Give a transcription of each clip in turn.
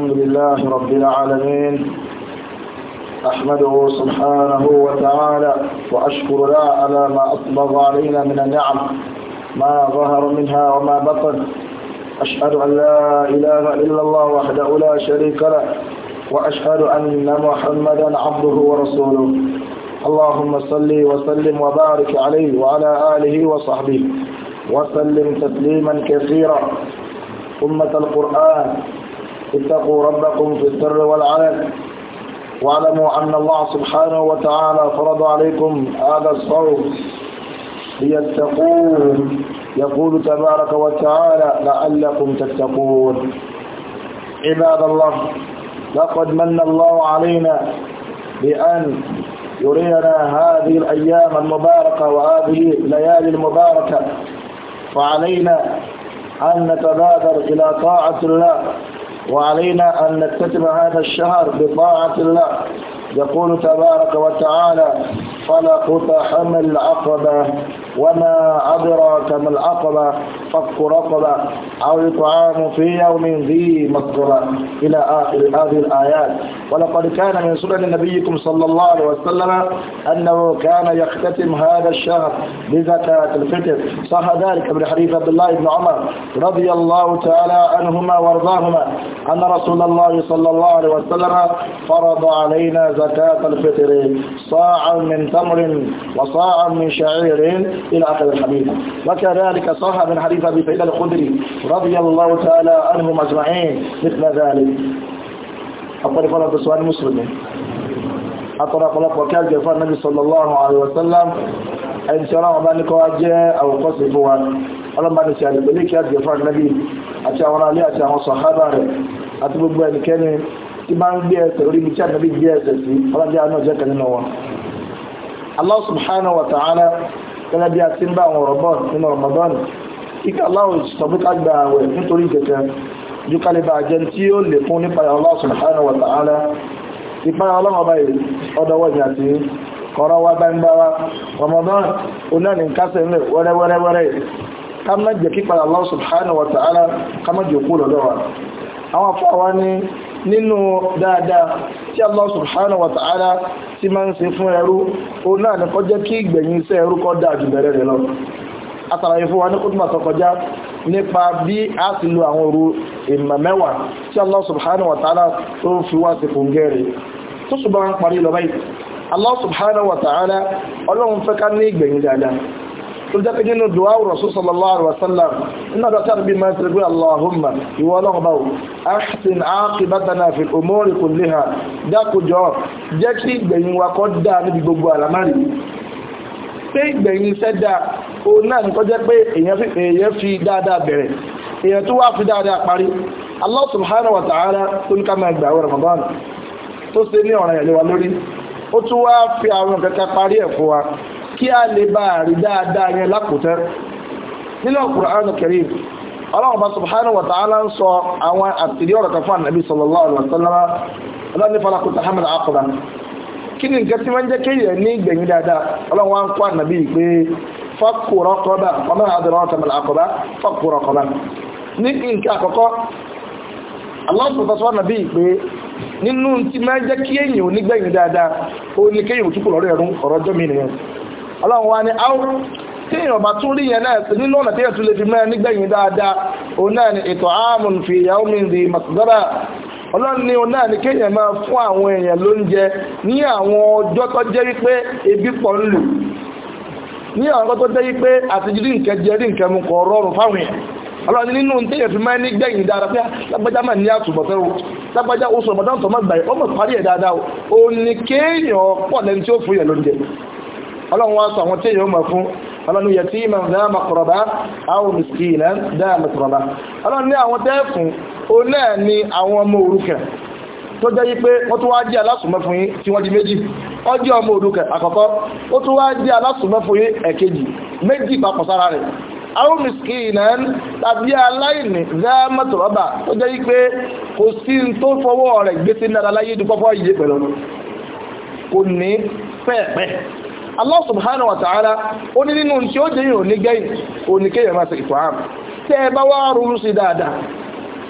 الحمد لله رب العالمين أحمده سبحانه وتعالى وأشكر لا على ما أطلب علينا من النعم ما ظهر منها وما بطن أشهد أن لا إله إلا الله وحده لا شريك له وأشهد أن محمدا عبده ورسوله اللهم صل وسلم وبارك عليه وعلى آله وصحبه وسلم تسليما كثيرا أمة القرآن اتقوا ربكم في السر والعلن واعلموا أن الله سبحانه وتعالى فرض عليكم هذا الصوم ليتقوه يقول تبارك وتعالى لعلكم تتقون عباد الله لقد من الله علينا بأن يرينا هذه الأيام المباركة وهذه الليالي المباركة فعلينا أن نتبادر إلى طاعة الله وعلينا أن نكتتب هذا الشهر بطاعة الله يقول تبارك وتعالى فلا تحمل العقبة وما أدراك ما العقبة فك رقبة أو إطعام في يوم ذي مسقبة إلى آخر هذه الآيات ولقد كان من سنن نبيكم صلى الله عليه وسلم أنه كان يختتم هذا الشهر بزكاة الفطر صح ذلك من حديث عبد الله بن عمر رضي الله تعالى عنهما وارضاهما أن رسول الله صلى الله عليه وسلم فرض علينا زكاة الفطر صاعا من تمر وصاعا من شعير إلى آخر الحديث وكذلك صاحب حديث أبي سيد الخدري رضي الله تعالى عنه مجمعين مثل ذلك أطرق الله بسؤال مسلم أطرق الله وكال جفاء النبي صلى الله عليه وسلم إن شراء مالك وأجاء أو قصف هو ألم بني سيد بليك يد جفاء النبي أتعونا لي أتعونا صحابة أتبب بأن كان إمام بيأس أريد بيشان نبي بيأس أسي ألم جاء الله سبحانه وتعالى gẹ́gẹ́ bí a ti ń bá àwọn ọ̀rọ̀ bọ̀ nínú Ramadan kíkà aláwọ̀ sọ̀bùkà gba àwẹ̀ nítorí ìjẹta ju kálíbà jẹ́ tí ó lè fún nípa Allah subhanahu wa ta'ala ìpára ọlọ́wọ́ báyìí ọdọwọ́ ìjà tí kọ̀rọ̀ wá gbangbawa nínú dáadáa tí Allah subhanahu wa ta'ala ti máa ń ṣe fún ẹrú o náà ní kọjá kí ìgbẹ̀yìn iṣẹ́ ẹrú kọ́ dáa jù bẹ̀rẹ̀ rẹ̀ lọ àtàlàyé fún wa ní kútùmà tó kọjá nípa bí a ti lo àwọn òru ìmọ̀ mẹ́wàá tí Allah subhanahu wa ta'ala tó fi wá sí fún gẹ́rẹ̀ tó ṣùgbọ́n parí lọ báyìí Allah subhanahu wa ta'ala ọlọ́run fẹ́ ká ní ìgbẹ̀yìn dáadáa tó jẹ́ pé nínú dùwà Rasul sallallahu alaihi wasallam nínú àdọ́tí àdúgbò máa ń tẹ̀lé pé Allahumma ìwọ ọlọ́run báwo ahsin aqibatana fil umuri kulliha dákòjọ́ jẹ́ kí ìgbẹ̀yìn wa kó dáa níbi gbogbo àlámárì pé ìgbẹ̀yìn iṣẹ́ dáa òun kí a lè bá rí dáadáa yẹn lákòótán nílẹ̀ Al-Qur'an Karim ọlọ́ọ̀bá subhanahu wa ta'ala ń sọ àwọn àtìrí ọ̀rọ̀ kan fún ànàbí sallallahu alaihi wasallam ọlọ́ni falakuta hamad akọba kí ni nǹkan tí wọ́n jẹ́ kéèyàn ní ìgbẹ̀yìn dáadáa ọlọ́run wá ń kọ́ ànàbí pé fọ́kùrọ̀ kọ́bà ọmọ àdúrà ọ̀tà mọ̀lá akọba fọ́kùrọ̀ kọ́bà ní nǹkan àkọ́kọ́ aláwọ̀sọ̀tọ̀ sọ ànàbí pé nínú tí máa jẹ́ kéèyàn onígbẹ̀yìn dáadáa ó ní kéèyàn òtúkù lọ́rọ̀ ẹ̀rún ọ̀rọ̀ ọjọ́ mi ọlọ́run wa ni áwọn tí èèyàn bá tún rí yẹn náà nínú ọ̀nà tí èèyàn tún lè fi mẹ́rin nígbẹ̀yìn dáadáa òun náà ni ètò ààmùn fi ìyàwó mi di màtúndọ́rà ọlọ́run ni òun náà ni kéèyàn máa fún àwọn èèyàn lóúnjẹ ní àwọn ọjọ́ tó jẹ́ wípé ebi pọ̀ ń lù ní àwọn ọjọ́ tó jẹ́ wípé àti rí nǹkan jẹ rí nǹkan mu kọ̀ rọrùn fáwọn èèyàn ọlọ́run nínú tí èèyàn mẹ́rin nígbẹ̀yìn dáadáa pé ah, lágbájá máa ní àtúbọ̀tẹ́ ọlọ́run wá sọ àwọn tí èyàn mọ̀ fún ọlọ́run yẹ tí ìmọ̀ dá mọ̀kọ̀rọ̀bá àwọn mùsùlùmí dá mọ̀kọ̀rọ̀bá ọlọ́run ní àwọn tẹ́ẹ̀fún ó náà ni àwọn ọmọ òrukàn tó jẹ́ wípé wọ́n tún wá jẹ́ alásùnmọ́ fún yín tí wọ́n di méjì ọjọ́ ọmọ òrukàn àkọ́kọ́ ó tún wá jẹ́ alásùnmọ́ fún yín ẹ̀kejì méjì papọ̀ rẹ̀ àwọn mìsìkìnnàn tàbí aláìní zámàtòrọ́bà tó jẹ́ wípé kò sí tó fọwọ́ rẹ̀ gbé sí nára láyé dúpọ́pọ́ yìí pẹ̀lú kò ní pẹ́ẹ̀pẹ́ Allah subhanahu wa ta'ala ó ní nínú tí ó jẹ́ yìí ò ní gẹ́yìn ò ní kéèyàn máa ṣe ìtò àm tẹ́ ẹ bá wá ronú sí dáadáa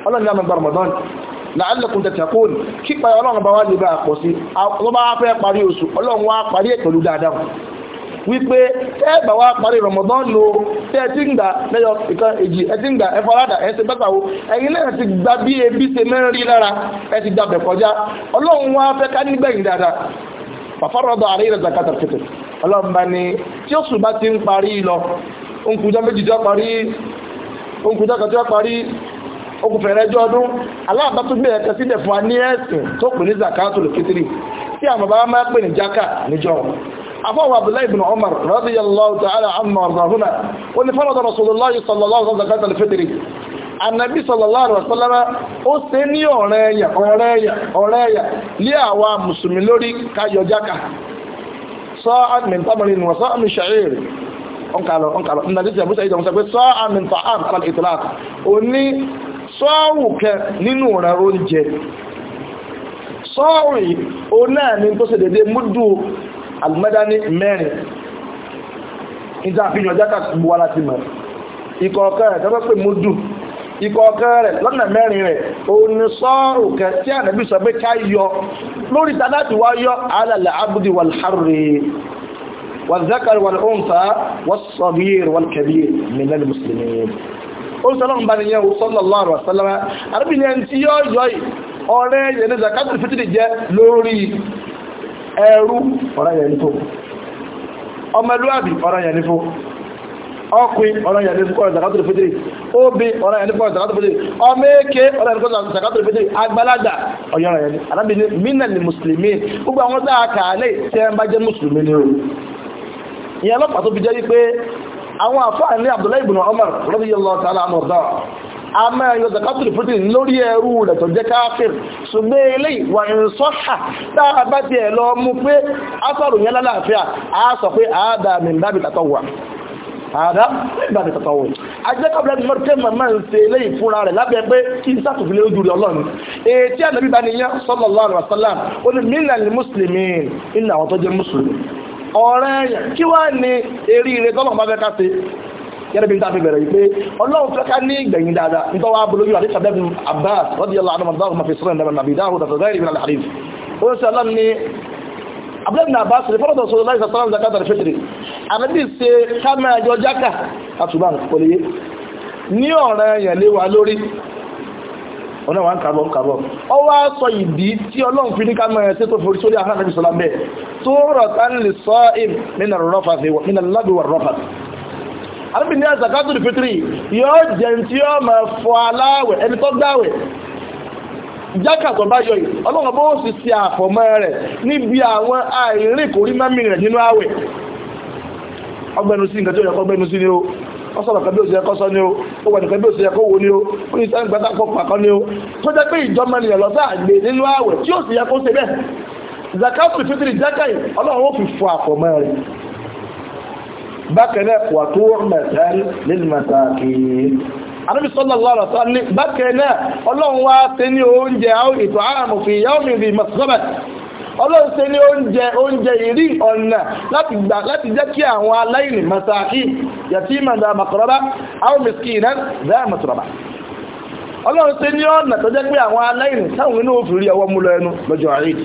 ọlọ́run náà máa bá Ramadan la'allakum tattaqun kípa ọlọ́run bá wá lè bá pọ̀ sí ọlọ́run bá fẹ́ parí oṣù ọlọ́run wá parí ètòlú dáadáa wípé tẹ́ẹ̀bà wá parí Ramadan lo tẹ́ẹ̀tí ń gbà lẹ́yọ ìkan èjì ẹ̀tí ń gbà ẹ̀fọ́ládà ẹ̀sẹ̀ bẹ́tàwó ẹ̀yin náà ti gba bí ebi ṣe mẹ́rin lára ẹ̀ ti gbàbẹ̀ kọjá ọlọ́run wá fẹ́ ká nígbẹ̀yìn dáadáa fàfọ́rọ́dọ̀ àríyìn zakata fitr ọlọ́mba ni tí oṣù bá ti ń parí lọ òǹkùjọ méjì jọ parí òǹkùjọ kan tí wọ́n parí okùnfẹ̀rẹ̀ ẹjọ́ ọdún aláàbá tó gbé ẹ̀kẹ́ sílẹ̀ fún wa ní ẹ̀sìn tó pè ní zakatul fitri tí àwọn bàbá máa pè ní jaka níjọ́ afọ́wọ́ abdullahi ibn umar radiyallahu ta'ala amma ọ̀rọ̀húnà ó ní fọ́nà rasulullah sallallahu alaihi zakatul fitri anabi sallallahu alaihi wasallam ó ṣe ní ọ̀rẹ́ ẹ̀yà ọ̀rẹ́ ẹ̀yà ọ̀rẹ́ ẹ̀yà lé àwa mùsùlùmí lórí káyọ jaka sa'an min tamarin wa sa'an min sha'ir ọ̀nkàlọ̀ ọ̀nkàlọ̀ ìdàdí ti àbúṣe ìjọba sọ pé sa'an min ta'am kọ́lá ìtìláàkì ó ní sọ́ọ̀rù kẹ nínú rẹ̀ oúnjẹ sọ́ọ̀rù ó náà ní tó ṣe dédé múdù almadani mẹ́rin ìjà àfihàn jákàtúgbò wa láti mọ̀ ìkọ̀ọ̀kan ẹ̀ tẹ́lẹ̀ pé múdù ìkọ̀ọ̀kan rẹ̀ lọ́nà mẹ́rin rẹ̀ òun ni sọ́ọ̀rù kan tí ànábì sọ pé ká yọ lórí ta láti wá yọ alàlà abudi wàlhárì wàzákàrí wàlhóǹfà wàsọ̀bìyìr wàlkẹbìyìr minal muslimin ó sọ́lọ́ ń bá ní yẹn sallallahu alaihi wasallam àrùbí ni ẹni tí yọ yọ ọ̀rẹ́ yẹn ní zakatul fitri jẹ́ lórí ẹrú ọ̀rẹ́ yẹn ní ọmọlúwàbí ọ̀rẹ́ yẹn ní ọkùn ọ̀rọ̀ ya nípa ọ̀rọ̀ zakatul fitri obi ọ̀rọ̀ yẹn nípa ọ̀rọ̀ zakatul fitri ọmọ eke ọ̀rọ̀ yẹn nípa ọ̀rọ̀ zakatul fitri àgbàlagbà ọ̀yọ̀rọ̀ yẹn ni alábi ni mina ni mùsùlùmí gbogbo àwọn a ni o àwọn Abdullahi lórí ẹrú tó ilé bá lọ mú pé asọ̀rọ̀ yẹn lálàáfíà sọ àdá nígbà tí tọ̀tọ̀ wò ajẹ́ kábílẹ̀ tí mọ́tẹ́ màmá ń ṣe lẹ́yìn fúnra rẹ̀ lábẹ́ pé kí n sàtòfilé ojú rẹ̀ ọlọ́run ètí ànábì bá ní yẹn sallallahu alaihi wasallam ó ní mílíọ̀nù ní mùsùlùmí nínú àwọn tó jẹ́ mùsùlùmí ọ̀rẹ́ yẹn kí wá ní eré ire tọ́lọ̀ bá fẹ́ ká ṣe yẹ́rẹ́ bí n tàbí bẹ̀rẹ̀ yìí pé ọlọ́run fẹ́ ká ní ìgbẹ̀yìn dáadáa nítorí wàá bolóyún àdéhùn abẹ́bùn abbas radiyallahu anhu mọ̀tàwọn ọmọ fi sọ́rọ̀ nàbí dáhùn tàbí bẹ́ẹ̀ ìrìnà àdéhùn ó ń ọlọ́run ní abúlé nàbá sọ̀rọ̀ fọ́lọ́dọ̀ sọ̀rọ̀ láì sọ̀rọ̀ zakata al ànábì ṣe kámẹ́rà jọ jákà àtúbà kọ́lẹ́yé ní ọ̀ràn èèyàn lé wa lórí ọ̀nà wa ń kàbọ̀ ń kàbọ̀ ọ wá sọ ìdí tí ọlọ́run fi ní kámẹ́rà ṣe tó forí sórí àwọn ànábì sọlá bẹ́ẹ̀ tó rọ̀ tán lè sọ ìm nínú rọ́fà fi wọ́n nínú lábì wọ́n rọ́fà ànábì ní àzàkátù fitri yóò jẹ́ tí ó máa fọ aláwẹ̀ ẹni tó gbáwẹ̀ jákàtọ̀ bá yọ yìí ọlọ́run bó sì ṣe àfọ̀mọ́ rẹ̀ níbi àwọn àìrìn kò rí mẹ́mìrì nínú àwẹ̀ ọgbẹ́nu sí nǹkan tí ó yẹ kó gbẹ́nu sí ni o wọ́n sọ̀rọ̀ kan bí ó ṣe yẹ kó sọ ni o ó wà nìkan bí ó ṣe yẹ kó wo ni o ó ní sẹ́yìn gbàtà kó pàkọ́ ni o tó jẹ́ pé ìjọba ènìyàn lọ́sà àgbè nínú ààwẹ̀ tí ó sì yẹ kó ṣe bẹ́ẹ̀ zakatul fitri jákàyè ọlọ́run ó fi fọ àfọ̀mọ́ rẹ̀ bákẹ́lẹ̀ wà tó mẹ̀tẹ́rì nínú mẹ́tàkì Ànábì sallallahu alaihi wasallam bákẹ́lẹ̀ ọlọ́run wá sí ní oúnjẹ ètò ààrùn fi yawmin dhi masghabah ọlọ́run ṣe ní oúnjẹ oúnjẹ ìrí ọ̀nà láti gbà láti jẹ́ kí àwọn aláìní masahi yatiman dha maqraba aw miskinan dha matraba ọlọ́run ṣe ní ọ̀nà tó jẹ́ pé àwọn aláìní táwọn inú òfin rí ọwọ́ mú lọ ẹnu lọ́jọ́ àrídì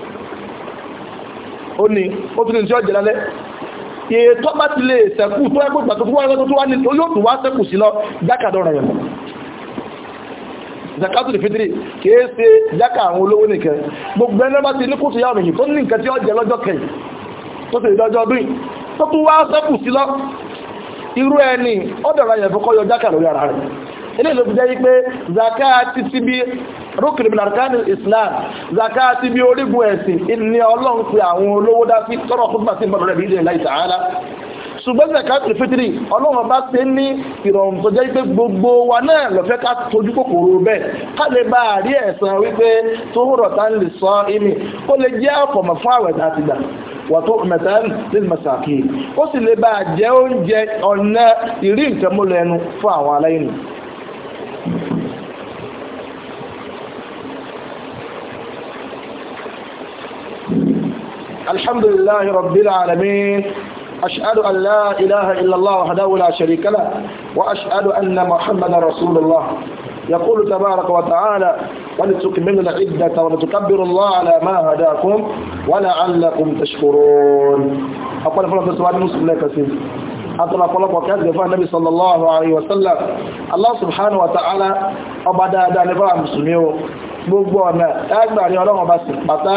ó ní ó tún ní tí ó jẹ lálẹ́ ètò bá ti lè sẹ́kù tó ẹgbẹ́ ìgbà tó wá lọ́dún tó wá ní yóò tún wá sẹ́kù sí lọ jákàdọ̀ rẹ̀ zakatul fitri kìí ṣe jákà àwọn olówó nìkan gbogbo ẹni bá ti ní kùtù yàrá òyìn tó ní nǹkan tí ó jẹ lọ́jọ́ kẹyìn tó sì lọ́jọ́ ọdún yìí tó tún wá sẹ́kù sí lọ irú ẹni ó dọ̀rọ̀ yẹn fún kọ́ yọ jákà lórí ara rẹ̀ eléyìí ló fi jẹ́ wípé zaka ti ti bí rúkìrì bìlàrkánì islam zaka ti bí orígun ẹ̀sìn ní ọlọ́run pé àwọn olówó dá sí tọ́rọ̀ fún bàtí ìbọn rẹ̀ bíi láì tààlà ṣùgbọ́n zakatul fitri ọlọ́run bá ṣe ní ìrọ̀rùn tó jẹ́ pé gbogbo wa náà lọ́fẹ́ ká tójú kòkòrò bẹ́ẹ̀ ká lè bá a rí ẹ̀san wípé tó rọ̀ tá ń lè sọ ìmì kó lè jẹ́ ọ̀pọ̀mọ̀ fún àwẹ̀ láti gbà wàtó mẹtẹẹlì lẹnu masakin ó sì lè bá a jẹ oúnjẹ ọ̀nà ìrí nǹkan mọ́lẹ̀ ẹnu fún àwọn aláìní الحمد لله رب العالمين أشهد أن لا إله إلا الله وحده لا شريك له وأشهد أن محمدا رسول الله يقول تبارك وتعالى ولتكملوا العدة ولتكبروا الله على ما هداكم ولعلكم تشكرون أقول فلان تسواني مسلم لك سيد أطلع فلان وكاد يفعل النبي صلى الله عليه وسلم الله سبحانه وتعالى أبدا دانفع مسلمين gbogbo ọ̀nà ẹgbàrin ọlọ́run ọba sì pátá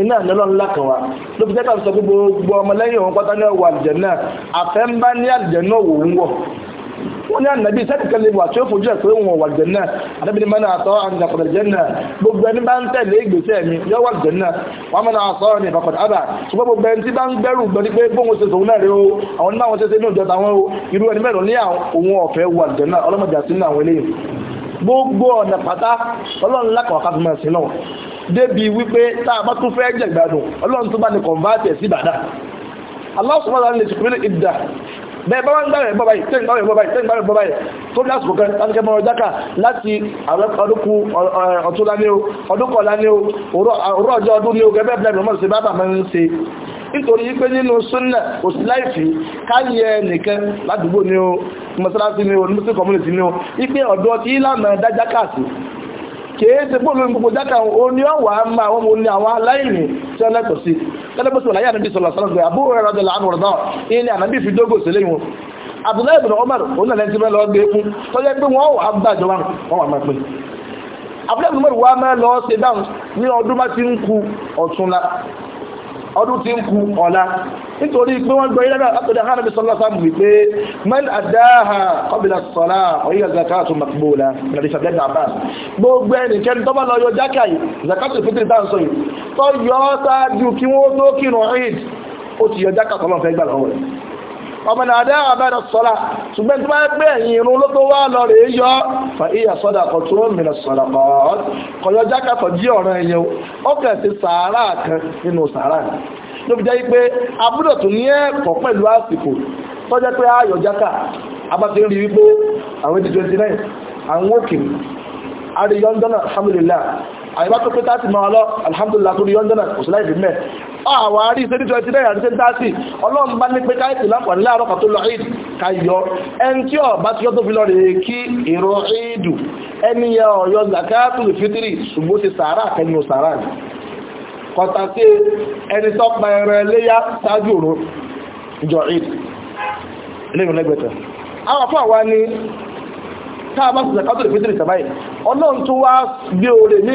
iná ìlọ́lọ́run lákan wa ló fi jẹ́ka sọ gbogbo ọmọ lẹ́yìn òun pátá ní ọwọ́ àlùjànnà àfẹ́ ń bá ní àlùjànnà wò ń wọ̀ wọ́n ní ànàbí sẹ́kẹ̀kẹ́ lè wà tí ó fojú ẹ̀ pé òun ọ̀wà àlùjànnà ànàbí ni mọ́nà àtọ́ àǹdàkọ̀dà jẹ́nà gbogbo ẹni bá ń tẹ̀lé ìgbésẹ̀ mi yọ wà àlùjànnà wọ́n mọ́nà àtọ́ ní ìfàkọ̀dà àbà ṣùgbọ́n gbogbo ẹni tí bá ń gbẹ́rù gbọ́ ní pé bóun ṣe sòun náà rí o àwọn náà wọ́n ṣe ṣe ní òjò táwọn irú ẹni mẹ́rin ní àwọn òun ọ̀fẹ́ wà àlùjànnà ọlọ́mọdé àti ní àwọn eléyìí gbogbo ọ̀nà pátá ọlọ́run lákọ̀ọ́ ká fi máa sin náà débi wípé tá a bá tún fẹ́ jẹ ìgbádùn ọlọ́run tó bá ní kọ̀ǹfàtì ẹ̀ sí ìbàdà Allah subhanahu lè ṣùgbọ́n ìdá bẹ́ẹ̀ bá wá ń gbàrẹ̀ bọ́ báyìí tẹ́ ń gbàrẹ̀ bọ́ báyìí tẹ́ ń gbàrẹ̀ bọ́ báyìí tó ní àsìkò kan láti kẹ́mọ́ ọjọ́ kà láti ọdúnkù ọ̀tún lánìí o ọdún kọ̀ọ̀lá ní o òrọ̀ ọjọ́ ọdún ní o gẹ́gẹ́ bẹ́ẹ̀ bẹ́ẹ̀ mọ́ sí bá bàbá ń ṣe nítorí ikpe nínú súnnà kò sí láìfì káyẹ nìkan ládùúgbò ní o mọ́sálásí ní o ní mọ́sálásí community ní o ipe ọ̀dọ́ ti ìlànà dájá káàsì si. bóòlù gbogbo dáka o ní ma àwọn ọmọ ní àwọn aláìní tí wọ́n lẹ́tọ̀ sí tẹ́lẹ́gbẹ́sọ̀ láyé ànábì sọ̀rọ̀ sọ̀rọ̀ àbúrò rẹ̀ rọ̀dọ̀ láàánú rọ̀dọ̀ ànábì fi dógò sílé wọn òun gbé fún ọdún tí ń kù ọ̀la nítorí pé wọ́n gbọ́ ilẹ́gbẹ̀rẹ̀ látọ̀dá hàn mi sọ́lá sáàmù wípé man àdáhà kọ́bìnà sọ́lá ọ̀yí zakatu makbola nàbí sàbẹ́dà bá gbogbo ẹnikẹ́ni tó bá lọ yọ jákà yìí zakatu fitri tá ń sọ yìí tó yọ ọ́ sáájú kí wọ́n tó kírun eid ó ti yọ jákà tọ́lọ́ fẹ́ gbà lọ́wọ́ ọmọ náà dá àbẹ̀rẹ̀ sọ́la ṣùgbọ́n tí wọ́n gbé ẹ̀yìn irun ló tó wá lọ rèé yọ fa iya sọ́dà kan tó ń mìíràn sọ̀rọ̀ kọ́ọ́t kọjọ jákàtọ̀ jí ọ̀ràn ẹ̀yẹ ó kẹ̀ sí sàárà kan nínú sàárà ló fi jẹ́ pé abúlọ̀ tó ní ẹ̀kọ́ pẹ̀lú àsìkò tọ́jẹ́ pé ayọ̀ jákà abáṣe rí wípé àwọn ti twenty nine àwọn òkè àríyọ́ndọ́nà alhamdulillah àyíká tó pé tá àwà rí ìṣẹ́dí 29 àti 30 ọlọ́run bá ní pé káìsì láǹfààní láàárọ̀ kan tó lọ ìd káyọ ẹni tí ọba tí ó tó fi lọ rèé kí ìrọ̀ ìdù ẹni yẹ ọ̀yọ́ zakatul fitri ṣùgbọ́n ti sàárà kẹnu sàárà ni kọta sí ẹni tó pa ẹrẹ léyà ṣáájú òru ìjọ ìd lẹ́yìn lẹ́gbẹ̀tẹ̀ àwọn afọ àwa ni tá a bá sì zakatul fitri sàbáyì ọlọ́run tó wá gbé oore ní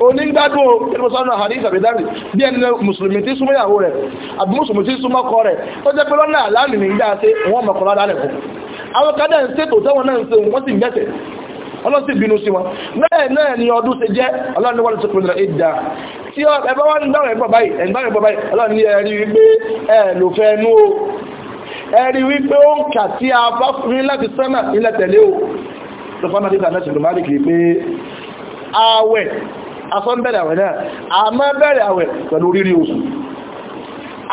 onígbádùn ìrìnmọ̀sánà o, àbídárì bí ẹni mùsùlùmí tí súnmọ́ ìyàwó rẹ̀ àbí mùsùlùmí tí súnmọ́ ọkọ rẹ̀ tó jẹ́ pé lọ́nà àlànà nígbà tí wọ́n mọ̀kọ́ ládàá rẹ̀ fún àwọn kádà ń ṣètò tẹ́wọ̀n náà ń ṣe wọ́n sì ń ọlọ́sì bínú sí wọn bẹ́ẹ̀ náà ni ọdún ṣe jẹ́ ọlọ́run wọ́n ti ń dáwọn báyìí báyìí ọlọ́run ní wípé ẹ lò fẹ́ o ẹ̀rí wípé ó ń kà sí fún láti tẹ̀lé o lọ́fọ́nà asán bẹ̀rẹ̀ àwẹ̀ náà a máa bẹ̀rẹ̀ àwẹ̀ pẹ̀lú rírí oṣù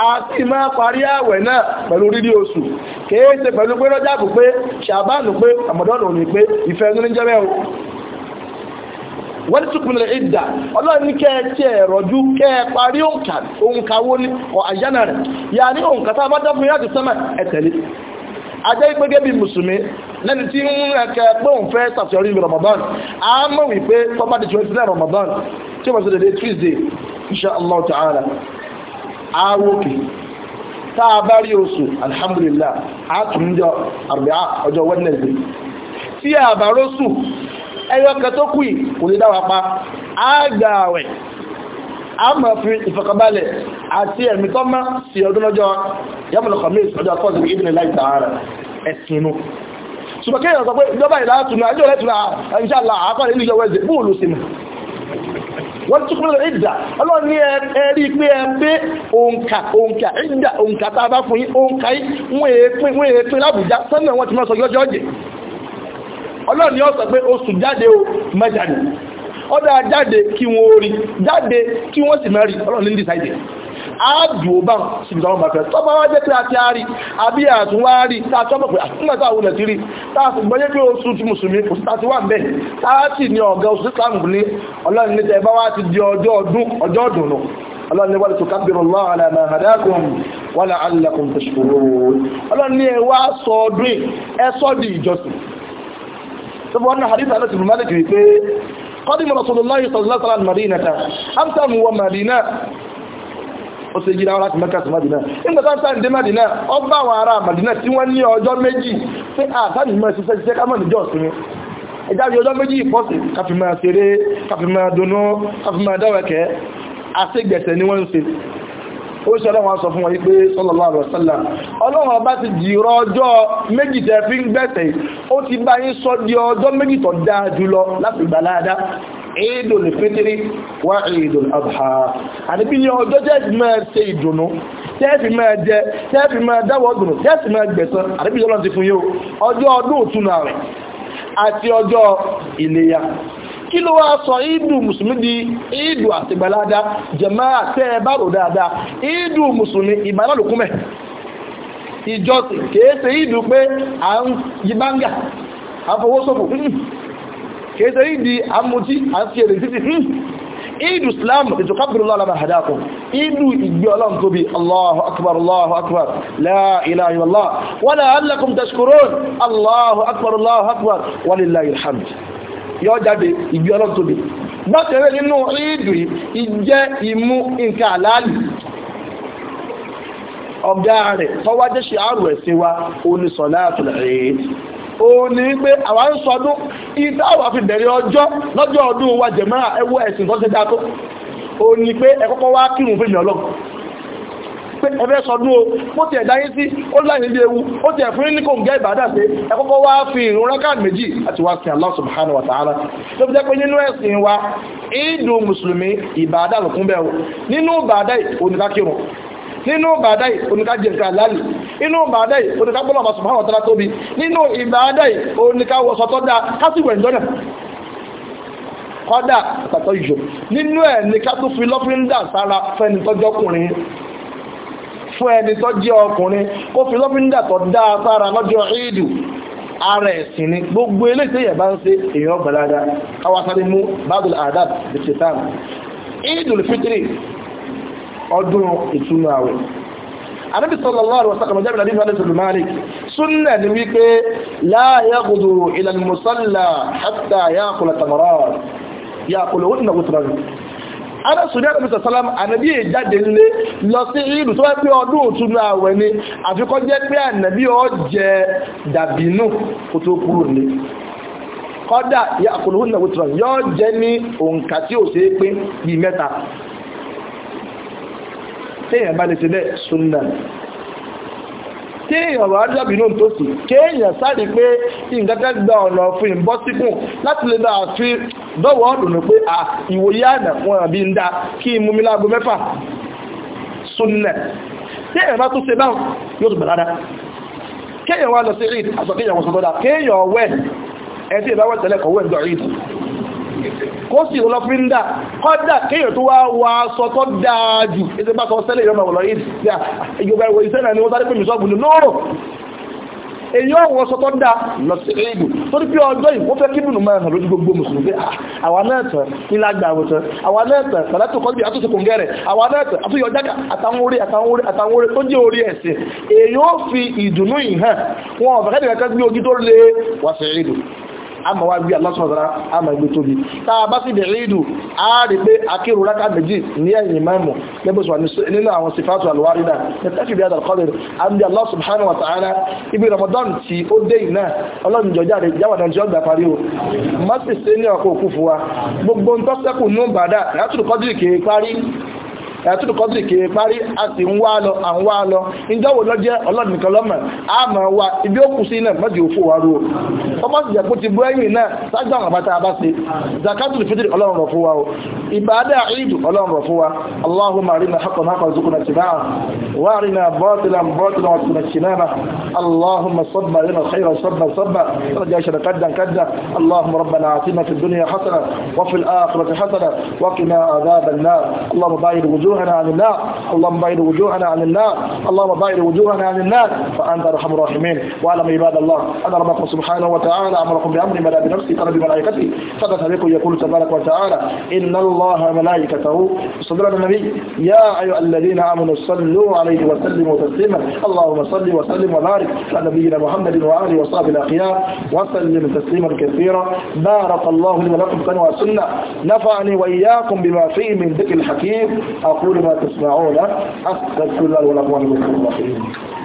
a sì máa parí àwẹ̀ náà pẹ̀lú rírí oṣù kéèsè pẹ̀lú pé rọ́jàbù pé ṣàbánù pé àmọ̀dọ́nù ní pé ìfẹ́ o wọ́n tún pinnu ìdà ọlọ́run ní kẹ́ ẹ tí ẹ rọ̀jú kẹ́ ẹ parí òǹkà òǹkà wo ni ọ̀ àyánà rẹ̀ yà ní a bá dá fún yàtọ̀ lẹ́ni tí ń ẹ̀kẹ́ pé òun fẹ́ ṣàṣeyọrí ìlú Ramadan a mọ̀ wípé tọ́ba di twenty nine Ramadan tí wọ́n ti dèdè Tuesday insha Allah ta'ala a wókè tá a bá rí oṣù alhamdulillah a tún ń jọ àrùbíà ọjọ́ Wednesday tí a bá rọ́ṣù ẹyọ kẹtọ́ kù yìí kò lè dá pa a gbà àwẹ̀ a máa fi ìfọ̀kànbalẹ̀ àti ẹ̀mí tọ́mọ́ sí ọdún lọ́jọ́ yàmùlọ̀kọ̀mí ìsọjọ́ àkọ́sí ìdílé láì tààrà ẹ̀sìn inú nke kéèyàn sọ pé ìjọba ìlà tùnú àjọ rẹ̀ tùnú inshallah àkọọ́lẹ̀ ìlú ìjọba ẹ̀jẹ̀ bóòlù sí mi wọ́n tún pínlẹ̀ ìdà ọlọ́run ní ẹ̀rí pé ẹ pé òǹkà òǹkà ìdà òǹkà tá a bá fún yín òǹkà yín wọ́n lábùjá sọ́nà wọn ti mọ́ sọ yọjọ́ ọ̀jẹ̀ ọlọ́run ni pé oṣù jáde áàdù ó bá ń síbi tọ́wọ́n bá fẹ́ tó bá wá jẹ́ pé a ti á rí àbí àtúnwá rí tá a tọ́mọ̀ pé àtúnwá tá àwọn ẹ̀tí rí tá a sì ọlọ́run ní wọ́n ti kábírù lọ́wọ́ ala ma hadakum wa la'allakum tashkurun ọlọ́run ní ẹ sọ ọdún ẹ di ìjọsìn tó bọ́ ọ́nà hadith alẹ́ tìbùmọ́ lè kiri pé قدم رسول ó ṣe yíra láti mẹ́kà sí Mádínà nígbà tá sáà dé Mádínà ó bá àwọn ará Mádínà tí wọ́n ní ọjọ́ méjì pé àtàdì mọ́ ṣiṣẹ́ ṣiṣẹ́ ká mọ̀ níjọ́ ìsinmi ẹjá bí ọjọ́ méjì ìfọ́sì káfí máa ṣeré káfí máa dunnú káfí máa dáwẹ̀kẹ́ àṣegbẹ̀sẹ̀ ni wọ́n ń ṣe ó ṣe ọlọ́wọ́n sọ fún wọn wípé sallallahu alaihi wasallam ọlọ́wọ́n ọba ti jìrọ ọjọ́ méjì tẹ́ fi ń gbẹ̀sẹ̀ ó ti bá yín sọ di ọjọ́ méjì tó dáa jùlọ láti gbà láadáa Eidul Fitri wá Eidul Adha àníbí ní ọjọ́ tẹ́ẹ̀fì máa ṣe ìdùnnú tẹ́ẹ̀fì máa jẹ tẹ́ẹ̀fì máa dáwọ́ dùnú tẹ́ẹ̀fì máa gbẹ̀san àníbí ìjọba ti fún yóò ọjọ́ ọdún òtúnà rẹ̀ àti ọjọ́ iléyá kí ló wá sọ ìdù mùsùlùmí di ìdù àtìgbàládá jàmáà tẹ́ ẹ bá rò dáadáa ìdù mùsùlùmí ìbálòkúnmẹ̀ ìjọsìn kèése ìdù pé à ń yí báńgà àfọwọ́sọ̀fọ̀ kèése ìdí amútí àti èrè títí hìn hmm. ìdù islam ìtùkàbìrì lọ́lọ́mà àdákùn ìdù ìgbé ọlọ́run tóbi allahu akbar allahu akbar la ilaha illallah wa la'allakum tashkurun allahu akbar allahu akbar wa lillahi alhamd yọ jáde ìgbé ọlọ́run tóbi bákẹ̀rẹ̀ nínú ìdù ìjẹ́ ìmú òun ni pé àwa ń sọdún ìdá àwa fi bẹ̀rẹ̀ ọjọ́ lọ́jọ́ ọdún wa jẹ̀mọ́ ẹwọ́ ẹ̀sìn tó ṣe dáa tó òun pé ẹ wá kírun fún ìyọ̀ pé ẹ sọdún o mo ti ẹ̀dá yín sí ó láì nílé ewu ó ti ẹ̀fún ní kò ń gẹ́ ìbádà sí ẹ kọ́kọ́ wá fi ìrun rákà méjì àti wá sí Allah subhanahu wa ta'ala ló fi jẹ́ pé nínú ẹ̀sìn wa ìdù mùsùlùmí ìbádà lòkún bẹ́ẹ̀ nínú ìbádà oníkákírun nínú ìbádà oníkájẹ̀ká lálẹ́ inú ìbàdà yìí oníkàgbọ́nà ọba subhanahu wa ta'ala tóbi nínú ìbàdà yìí oníkàwọ̀sọ tó dáa kásìwẹ̀ ìjọ́nà kọ́dà àtàtọ́ ìjọ nínú ẹ̀ ní ká tó fi lọ́fíńdà sára fẹ́ni tọ́jọ́ ọkùnrin fún ẹni tó jẹ́ ọkùnrin kó fi lọ́fíńdà tó dáa sára lọ́jọ́ ìdù ara ẹ̀sìn ni gbogbo eléyìí tẹ́yẹ̀ bá ń ṣe èèyàn gbàdáda káwá sáré mú bábùl adab bìtìtàn ìdùl fitri ọdún ìtúnu àwẹ̀ anábì sallallahu alaihi wasallam jẹ́ ìlànà ìfẹ́ ìlú malik súnà ni wípé la yaqudu ila al-musalla hatta yaqula tamarat yaqulu wọ́n wutran adásùn ní àdàbí sàlám ànàbí ìjáde nílé lọ sí ìlú tó wá pé ọdún òtún àwẹ̀ ni àfikọ́ jẹ́ pé ànàbí ọ jẹ dàbínú kó tó kúrò ní kọ́dà yaqulu wọ́n wutran yóò jẹ́ ní òǹkà tí ò ṣe é pé yìí mẹ́ta téèyàn bá lè ṣe bẹ́ẹ̀ sunna téèyàn wà dábì náà tó sì kéèyàn sáré pé nǹkan gba ọ̀nà fún ìbọ́ síkùn láti lè bá fi dọ́wọ́ ọ̀dùnú pé à ìwòye àná wọn àbí ń da kí n mumi láago mẹ́fà sunna téèyàn bá tún ṣe báwọn yóò tún bẹ̀ dáadáa kéèyàn wà lọ sí ìd àtọ̀kéèyàn wọ̀ sọ́dọ́dà kéèyàn wẹ̀ ẹ̀ tí ìbáwọ̀ tẹ́lẹ̀ kọ̀ wẹ̀ ń dọ̀ ìd kó sì lọ fi ń dà kọ́dà kéèyàn tó wá wá sọ tó dáa jù ẹsẹ̀ bá sọ sẹ́lẹ̀ ìyọ́mà wọ̀lọ́ yìí ìjọba ni wọ́n sáré pè mí sọ́ọ̀bù ní lóòrò èyí ọ̀wọ́ sọ tó dáa lọ sí ìlú torí pé ọjọ́ yìí wọ́n fẹ́ kí nínú máa hàn lójú gbogbo mùsùlùmí ah, àwa náà tàn nílágbà àwòtán àwa náà tàn sàlátò fi ìdùnnú yìí hàn wọn ọ̀fẹ́ kẹ́kẹ́ gbé ogi a máa wá gbé alásọ̀rọ̀ a máa gbé tóbi tá a bá sì dé ìdù a rí pé akérò rákà méjì ní ẹ̀yìn mẹ́mù lẹ́bùsùn nínú àwọn sifáàtù alwárìdà ní tẹ́kì bí adàkọ́lẹ̀ àbí Allah subhanahu wa ta'ala ibi Ramadan tí ó dé iná ọlọ́run jọjá rẹ̀ jáwàdà tí ó gbà parí o má sì sí ní ọkọ̀ òkú fún wa gbogbo ń tọ́sẹ́kù ní bàdà látùrù kọ́dìrì kì ẹ̀tún kọ́tì kìí parí a sì ń wá lọ à ń wá lọ ìjọwò lọ́jẹ́ ọlọ́dún nìkan lọ́mọ̀ a mọ̀ wá ibi ó kù sí náà mọ́tì òfò wa ru o bọ́bá sì jẹ́kú ti bú ẹ̀yìn náà sájà àwọn àbáta bá ṣe zakatul fitr ọlọ́run rọ̀ fún wa o ìbádà ìdù ọlọ́run rọ̀ fún wa allahumma arina haqqan haqqan zukuna tibaa wa arina batilan batilan zukuna tinaba allahumma sabba arina khayran sabba sabba raja shara kaddan kaddan allahumma rabbana atina fid dunya hasana wa fil akhirati hasana wa qina adhaban nar allahumma bayyin wujuh وجوهنا عن النار اللهم بعد وجوهنا عن النار اللهم بعد وجوهنا عن النار فأنت أرحم الراحمين واعلم عباد الله أن ربكم سبحانه وتعالى أمركم بأمر بلا بنفسي ترى بملائكته ثبت عليكم يقول تبارك وتعالى إن الله ملائكته يصلون النبي يا أيها الذين آمنوا صلوا عليه وسلموا تسليما اللهم صل وسلم وبارك على نبينا محمد وآله وصحبه الأخيار وسلم تسليما كثيرا بارك الله لي ولكم كانوا سنة نفعني وإياكم بما فيه من ذكر الحكيم أقول ما تسمعون أستغفر الله ولكم ولمسلم الرحيم